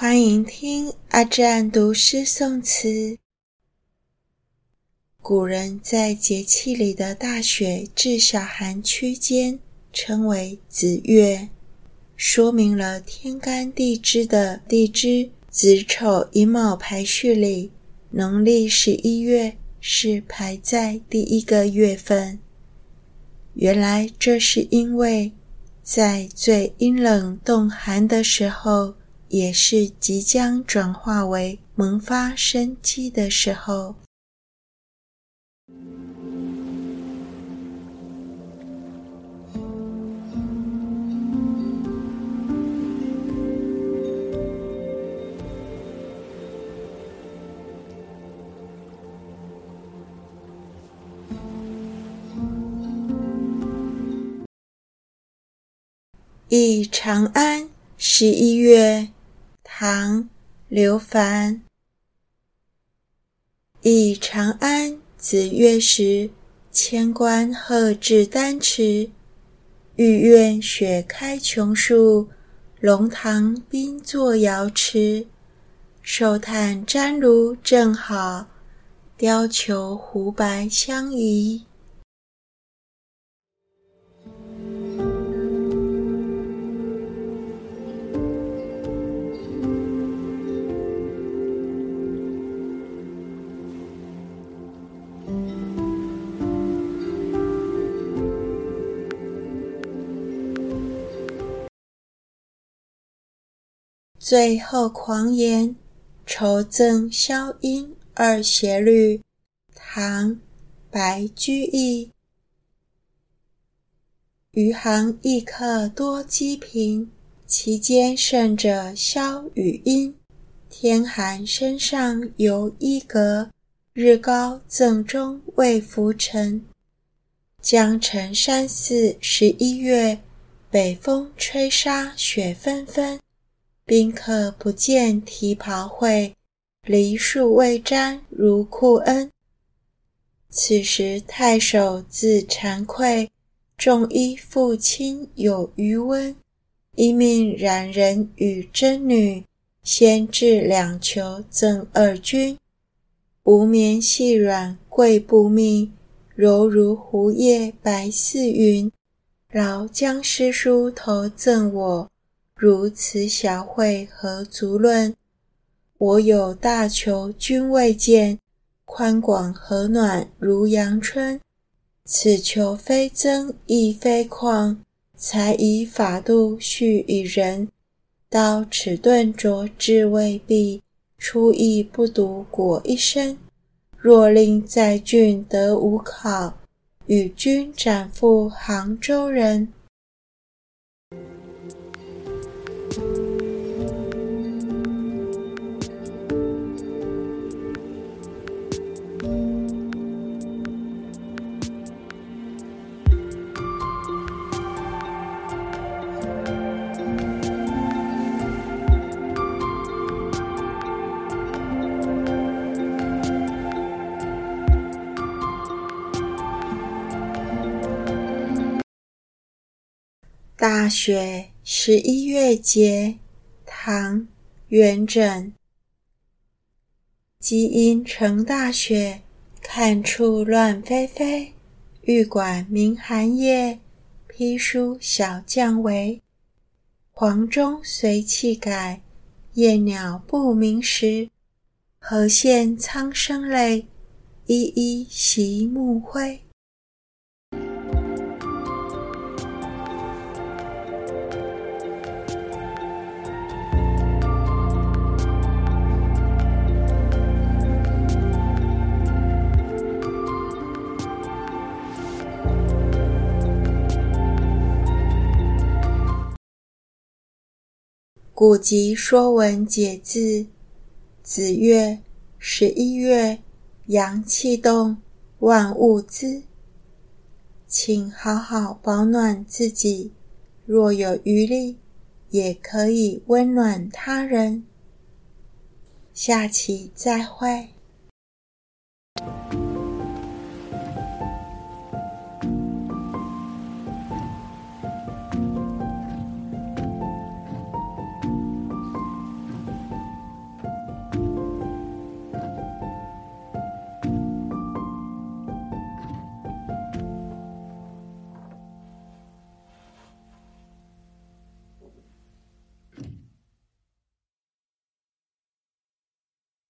歡迎聽阿占讀詩誦詞。古人在節氣裡的大雪至小寒區間稱為子月，說明了天干地支的地支子丑寅卯排序裡，農曆十一月是排在第一個月份。原來這是因為，在最陰冷凍寒的時候。也是即將轉化為萌發生機的時候。憶長安十一月。唐，劉蕃憶長安子月時，千官賀至丹墀，御苑雪開瓊樹，龍堂冰作瑤池。獸炭氈爐正好，貂裘狐白相宜。醉後狂言，酬贈蕭殷二協律。唐·白居易。餘杭邑客多羈貧，其間甚者蕭與殷。天寒身上猶衣葛，日高甑中未拂塵。江城山寺十一月，北風吹沙雪紛紛。賓客不見綈袍惠，黎庶未沾襦袴恩。此時太守自慚愧，重衣復衾有餘溫，因命染人與針女，先制兩裘贈二君。吳綿細軟桂布密，柔如狐腋白似雲，勞將詩書投贈我。如此小惠何足論，我有大裘君未見，寬廣和暖如陽春。此裘非繒亦非纊，裁以法度絮以仁，絮以仁。刀尺鈍拙，制未畢。出亦不獨裹一身，若令在郡得五考，與君展覆杭州人。大雪十一月節，唐·元稹。積陰成大雪，看處亂霏霏。玉管鳴寒夜，披書曉絳帷。黃鐘隨氣改，鴳鳥不鳴時。何限蒼生類，依依惜暮暉。古籍《說文解字》子月，十一月，陽氣動，萬物滋。請好好保暖自己，若有餘力，也可以溫暖他人。下期再會。